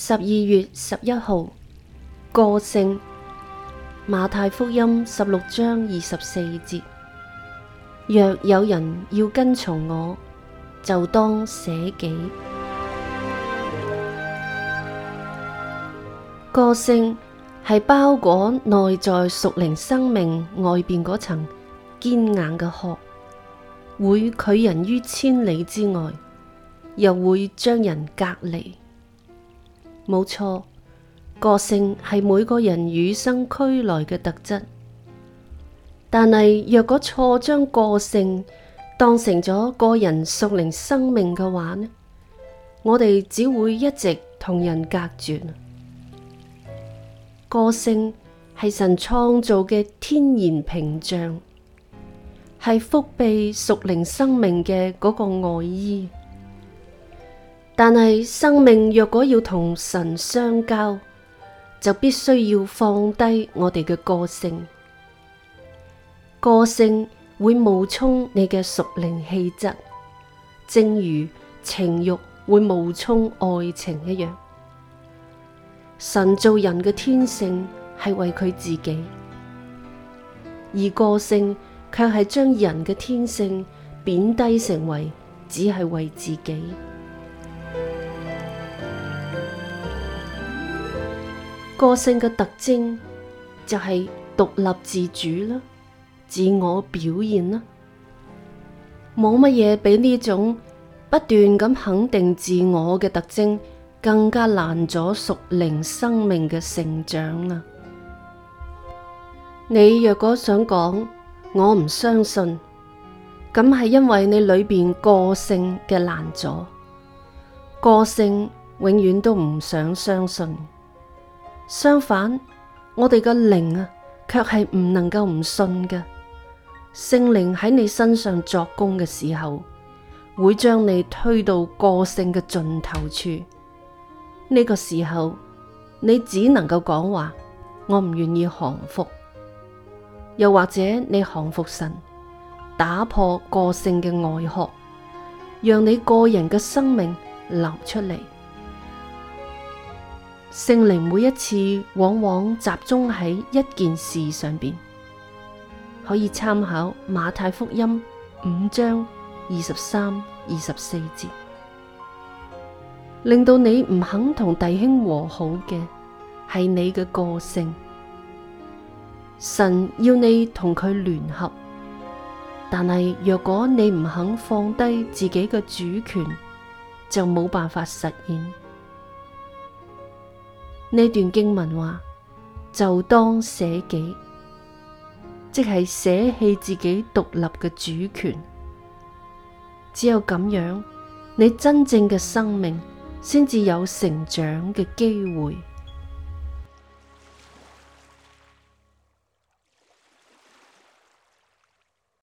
十二月十一號，個性，馬太福音十六章二十四節，若有人要跟從我，就當捨己。個性係包裹內在屬靈生命外邊嗰層堅硬嘅殼，會拒人於千里之外，又會將人隔離。冇錯，個性係每個人與生俱來嘅特質。但係若果錯將個性當成咗個人屬靈生命嘅話呢？我哋只會一直同人隔絕。個性係神創造嘅天然屏障，係覆庇屬靈生命嘅嗰個外衣。但係生命若果要同神相交，就必須要放低我哋嘅個性。個性會冒充你嘅屬靈氣質，正如情欲會冒充愛情一樣。神做人嘅天性係為佢自己，而個性卻係將人嘅天性貶低，成為只係為自己。個性嘅特徵就係獨立自主啦，自我表現啦，冇乜嘢比呢種不斷咁肯定自我嘅特徵更加難阻屬靈生命嘅成長啦。你若果想講我唔相信，咁係因為你裏邊個性嘅難阻，個性永遠都唔想相信。相反，我哋個靈啊，卻係唔能夠唔信嘅。聖靈喺你身上作工嘅時候，會將你推到個性嘅盡頭處。呢、這個時候，你只能夠講話：我唔願意降服。又或者你降服神，打破個性嘅外殼，讓你個人嘅生命流出嚟。聖靈每一次往往集中喺一件事上邊，可以參考馬太福音五章二十三、二十四節。令到你唔肯同弟兄和好嘅係你嘅個性。神要你同佢聯合，但係若果你唔肯放低自己嘅主權，就冇辦法實現。呢段經文話：就當捨己，即係捨棄自己獨立嘅主權。只有咁樣，你真正嘅生命先至有成長嘅機會。